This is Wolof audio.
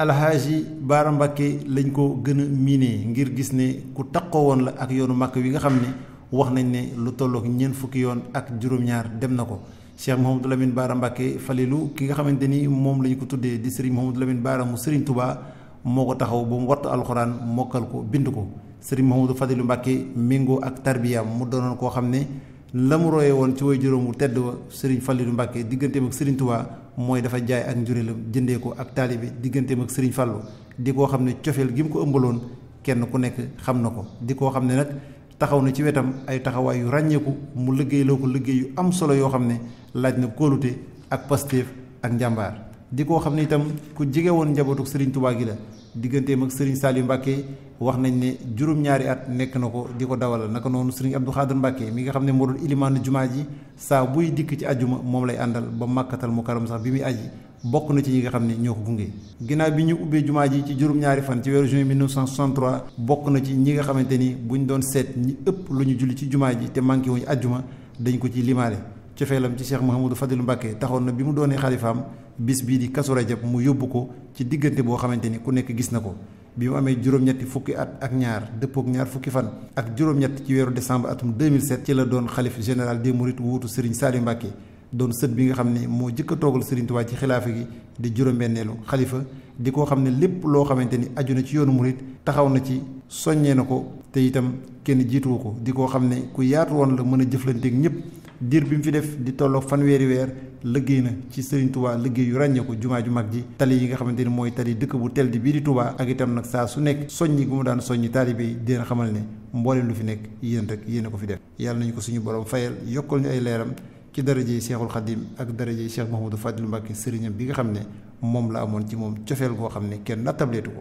alxaaji Baara Mbàkke lañ ko gën a miinee ngir gis ne ku taqoo woon la ak yoonu màkk wi nga xam ne wax nañ ne lu tollook ñeent fukki yoon ak juróom-ñaar dem na ko Cheikh Mouhamadou Lamine Baara Mbàkke Falilu ki nga xamante ni moom lañ ko tuddee di Serigne Mouhamadou Lamine Baara mu Serigne moo ko taxaw ba mu watt alxuraan mokkal ko bind ko Serigne Mouhamadou Fadilu Mbàkke méngoo ak tarbiyaam mu doonoon koo xam ne la mu royee woon ci way juróom wu tedd wa Serigne Falilu Mbàkke digganteem ak Serigne Touba mooy dafa jaay ak njuréelam jëndee ko ak taalibe digganteem ak Serigne Fallou di koo xam ne cofeel gi mu ko ëmbaloon kenn ku nekk xam na ko di koo xam ne nag taxaw na ci wetam ay taxawaay yu ràññeeku mu liggéey loo ko liggéey yu am solo yoo xam ne laaj na kóolute ak Pastef ak njàmbaar di koo xam ne itam ku jege woon njabootu Serigne Touba gi la digganteem ak saal Saliou Mbacké wax nañ ne juróom-ñaari at nekk na ko di ko dawalal naka noonu Serigne Abdou Khadir Mbacké mi nga xam ne moo doon ilimaanu jumaa ji saa buy dikk ci ajuma moom lay àndal ba màkkatal mu karam sax bi muy aji bokk na ci ñi nga xam ne ñoo ko gunge ginnaaw bi ñu ubbee jumaa ji ci juróom-ñaari fan ci weeru juin 1963 bokk na ci ñi nga xamante ni buñ doon seet ëpp lu ñu julli ci jumaa ji te manqué wuñu ajuma dañ ko ci limaale cofeelam ci Cheikh Mouhamadou Fadilou Mbacké taxoon na bi mu doonee xalifaam bis bii di kasu rajab mu yóbbu ko ci diggante boo xamante ni ku nekk gis na ko bi mu amee juróom-ñetti fukki at ak ñaar dëppook ñaar fukki fan ak juróom-ñett ci weeru décembre atum 2007 ci la doon xalif général des mourides wuutu Serigne Saliou Mbacké doon sët bi nga xam ne moo jëkk a toogal Serigne Touba ci xilaafa gi di juróom-benneelu xalifa di koo xam ne lépp loo xamante ni aju na ci yoonu murit taxaw na ci soññee na ko te itam kenn jiituwu ko di koo xam ne ku yaatu woon la mën a jëflanteeg ñëpp diir bi mu fi def di tolloog fanweeri weer liggéey na ci Serigne Touba liggéey yu ràññeeku jumaa ju mag ji tali yi nga xamante ni mooy tali dëkk bu tel di bii di Touba ak itam nag saa su nekk soññi gu mu daan soññi taalibe yi dina xamal ne mboolem lu fi nekk yéen rek yéen ko fi def yàlla nañu ko suñu borom fayal yokkal ñu ay leeram ci darajey Cheikhul Khadim ak darajey Cheikh Mouhamadou Fadilou Mbacké sëriñam bi nga xam ne moom la amoon ci moom cofeel goo xam ne kenn nattableetu ko